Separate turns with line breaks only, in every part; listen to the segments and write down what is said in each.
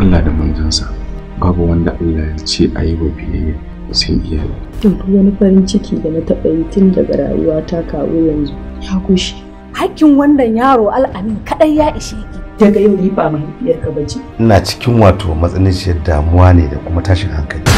Allah da manzansa babu wanda Allah ya ce a yi wa biyayya sun iyali. Duk wani farin ciki da na taɓa yi tun daga rayuwa ta kawo yanzu ya gushe. Hakkin wannan yaro al'amin kaɗai ya ishe ki. Daga yau ni ba mahaifiyarka ba ce. Ina cikin wato matsanaciyar damuwa ne da kuma tashin hankali.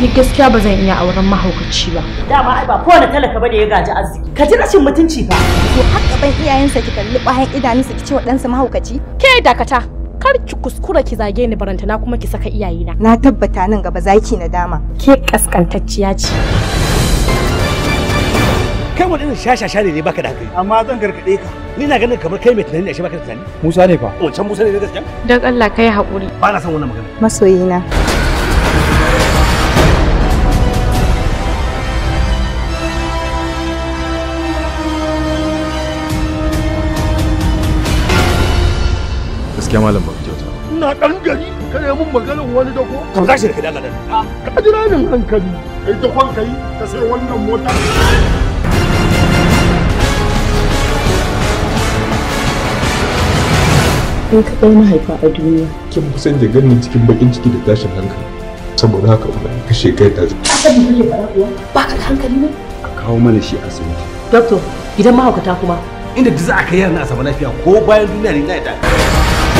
ni gaskiya ba zan iya auren mahaukaci ba dama ai ba kowane talaka bane ya gaji arziki ka ji rashin mutunci fa to har gaban iyayensa ki kalli bayan idanunsa ki ce wa ɗansa mahaukaci ke dakata kar ki kuskura ki zage ni barantana kuma ki saka iyayena na tabbata nan gaba zaki nadama ke kaskantacciya ce kai wani irin shashasha ne baka da hankali amma zan gargaɗe ka ni na ganin kamar kai mai tunani shi baka da tunani Musa ne fa wancan Musa ne gaskiya dan Allah kai haƙuri ba na son wannan magana masoyina gaskiya malam ba kyauta ina dan gari ka ne mun maganar wani dako ka tashi da kada nan ka jira ni hankali kai dakon kai ka sai wannan mota kin ka na haifa a duniya kin kusan da gani cikin bakin ciki da tashin hankali saboda haka ba kashe kai da zuwa ka fara kuwa ba ka hankali ne ka kawo mana shi asibiti doctor idan mahaukata kuma inda duk za a kai yaran a samu lafiya ko bayan duniya ne na ita